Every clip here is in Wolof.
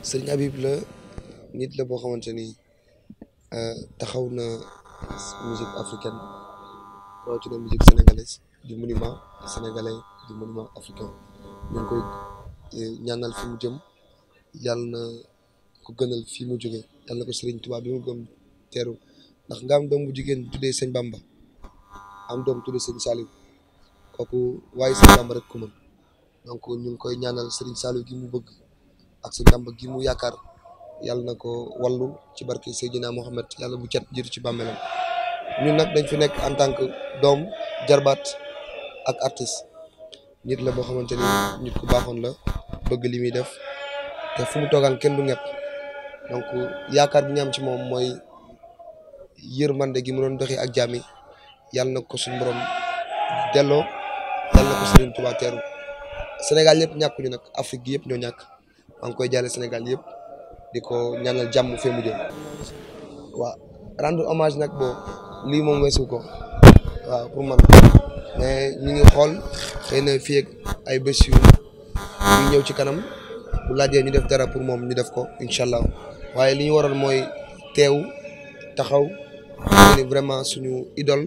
Serigne Habib la nit la boo xamante ni euh, taxaw na musique africaine rawatina musique sénégalaise du monument sénégalais du monument africain ñu koy euh, ñaanal fi mu jëm yàlla na ko gënal fi mu jógee yàlla na ko Serigne Touba bi mu gëm teeru ndax nga am doom bu jigéen tuddee Sëñ Bamba am doom tuddee Sëñ Saliou Aku way sa ah. jàmm rek ko mën donc ñu ngi koy ñaanal Serigne Saliou gi mu bëgg ak sa jàmm gi mu yakar yalla nako walu ci barke sayidina Mohamed yalla bu ciat jir ci bàmmeelam ñun nak dañ fi nek en tant que dom jarbat ak artiste nit la bo xamanteni nit ku baxon la bëgg li def té fu mu toogaan kenn du ñep donc yaakaar bi ñam ci mom moy yërmande gi mu doon doxé ak jami yalla nako borom yàlla ko Serigne Touba senegal yep ñakku ñu nak Afrique yep ñoo ñak ang koy jale senegal yep diko ñaanal jamm fi mu jëm wa rendre hommage nak bo li mom weesu ko wa pour man mais ñi ngi xol xeyna fi ak ay bés ñu ci kanam bu laajee ñu def dara pour mom ñu def ko inshallah waye li ñu waral moy tew taxaw ni vraiment suñu idole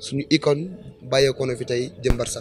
suñu icône bàyyeekoo na fi tey jëm Barça